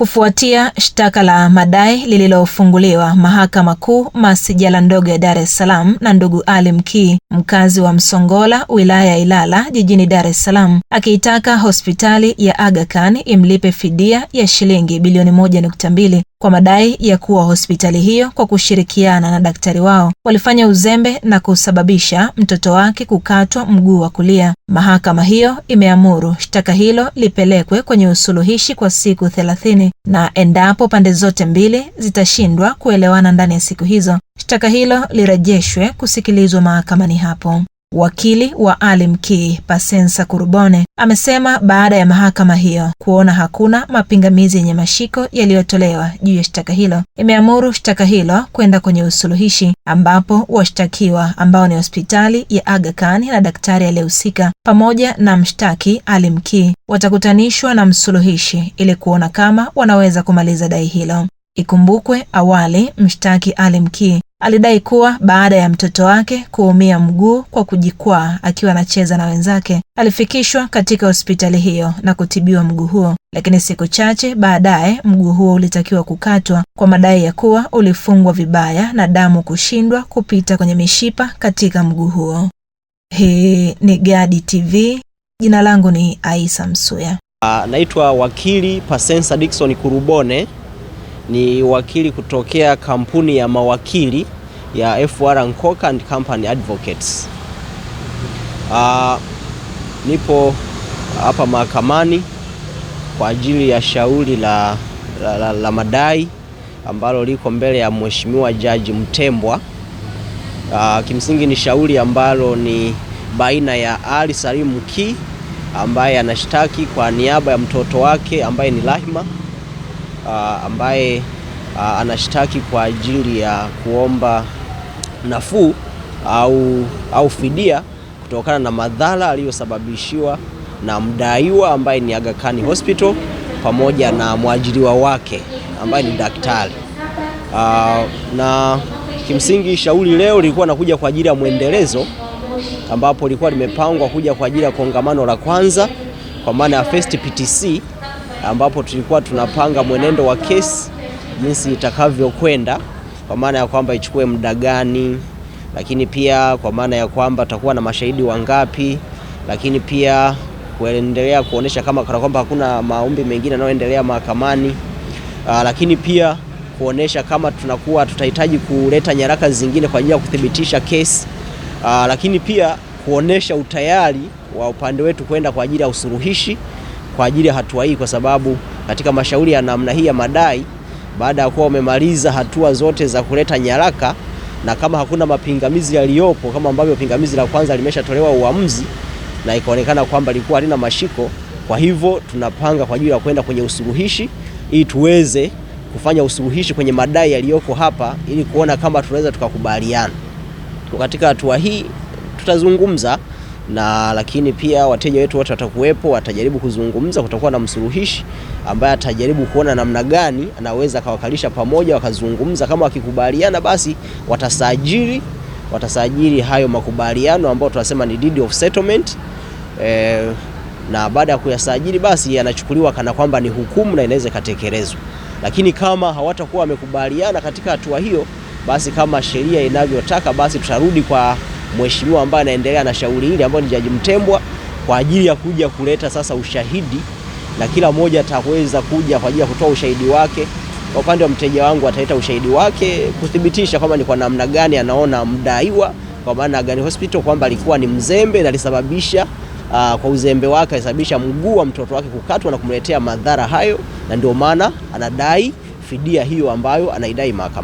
kufuatia shtaka la madai lililofunguliwa Mahakama Kuu masijala ndogo ya Dar es Salaam na ndugu Ali Mkii mkazi wa Msongola wilaya ya Ilala jijini Dar es Salaam akiitaka hospitali ya Aga Khan imlipe fidia ya shilingi bilioni 1.2 kwa madai ya kuwa hospitali hiyo kwa kushirikiana na daktari wao walifanya uzembe na kusababisha mtoto wake kukatwa mguu wa kulia. Mahakama hiyo imeamuru shtaka hilo lipelekwe kwenye usuluhishi kwa siku thelathini na endapo pande zote mbili zitashindwa kuelewana ndani ya siku hizo, shtaka hilo lirejeshwe kusikilizwa mahakamani hapo. Wakili wa ali mkii Pasensa Kurubone amesema baada ya mahakama hiyo kuona hakuna mapingamizi yenye mashiko yaliyotolewa juu ya shtaka hilo, imeamuru shtaka hilo kwenda kwenye usuluhishi ambapo washtakiwa ambao ni hospitali ya Aga Khan na daktari aliyehusika pamoja na mshtaki ali mkii watakutanishwa na msuluhishi ili kuona kama wanaweza kumaliza dai hilo. Ikumbukwe awali mshtaki Alimki Alidai kuwa baada ya mtoto wake kuumia mguu kwa kujikwaa akiwa anacheza na wenzake, alifikishwa katika hospitali hiyo na kutibiwa mguu huo, lakini siku chache baadaye mguu huo ulitakiwa kukatwa kwa madai ya kuwa ulifungwa vibaya na damu kushindwa kupita kwenye mishipa katika mguu huo. Hii ni Gadi TV. Jina langu ni Aisa Msuya. Uh, naitwa wakili Pasensa Dickson Kurubone ni wakili kutokea kampuni ya mawakili ya FR Nkoka and Company Advocates. Uh, nipo hapa mahakamani kwa ajili ya shauri la, la, la, la madai ambalo liko mbele ya Mheshimiwa Jaji Mtembwa. Uh, kimsingi ni shauri ambalo ni baina ya Ali Salim Ki ambaye anashtaki kwa niaba ya mtoto wake ambaye ni Rahma uh, ambaye uh, anashtaki kwa ajili ya kuomba nafuu au, au fidia kutokana na madhara aliyosababishiwa na mdaiwa ambaye ni Aga Khan Hospital pamoja na mwajiriwa wake ambaye ni daktari. Uh, na kimsingi shauri leo lilikuwa nakuja kwa ajili ya mwendelezo ambapo lilikuwa limepangwa kuja kwa ajili ya kongamano la kwanza kwa maana ya First PTC ambapo tulikuwa tunapanga mwenendo wa kesi jinsi itakavyokwenda, kwa maana ya kwamba ichukue muda gani, lakini pia kwa maana ya kwamba tutakuwa na mashahidi wangapi, lakini pia kuendelea kuonesha kama kana kwamba hakuna maombi mengine yanayoendelea mahakamani, ah, lakini pia kuonesha kama tunakuwa tutahitaji kuleta nyaraka zingine kwa ajili ya kuthibitisha kesi, ah, lakini pia kuonesha utayari wa upande wetu kwenda kwa ajili ya usuluhishi kwa ajili ya hatua hii, kwa sababu katika mashauri ya namna hii ya madai, baada ya kuwa umemaliza hatua zote za kuleta nyaraka na kama hakuna mapingamizi yaliyopo, kama ambavyo pingamizi la kwanza limeshatolewa uamuzi na ikaonekana kwamba lilikuwa halina mashiko, kwa hivyo tunapanga kwa ajili ya kwenda kwenye usuluhishi ili tuweze kufanya usuluhishi kwenye madai yaliyoko hapa ili kuona kama tunaweza tukakubaliana. Katika hatua hii tutazungumza na lakini pia wateja wetu wote watakuwepo, watajaribu kuzungumza. Kutakuwa na msuluhishi ambaye atajaribu kuona namna gani anaweza akawakalisha pamoja, wakazungumza. Kama wakikubaliana, basi watasajili watasajili hayo makubaliano ambayo tunasema ni deed of settlement e, na baada ya kuyasajili basi yanachukuliwa kana kwamba ni hukumu na inaweza ikatekelezwa. Lakini kama hawatakuwa wamekubaliana katika hatua hiyo, basi kama sheria inavyotaka, basi tutarudi kwa mheshimiwa ambaye anaendelea na shauri hili ambayo ni Jaji Mtembwa kwa ajili ya kuja kuleta sasa ushahidi na kila mmoja ataweza kuja kwa ajili ya kutoa ushahidi wake. Kwa upande wa mteja wangu ataleta ushahidi wake kuthibitisha kwamba ni kwa namna gani anaona mdaiwa kwa maana gani Hospital kwamba alikuwa ni mzembe na alisababisha Aa, ah, kwa uzembe wake alisababisha mguu wa mtoto wake kukatwa na kumletea madhara hayo, na ndio maana anadai fidia hiyo ambayo anaidai mahakamani.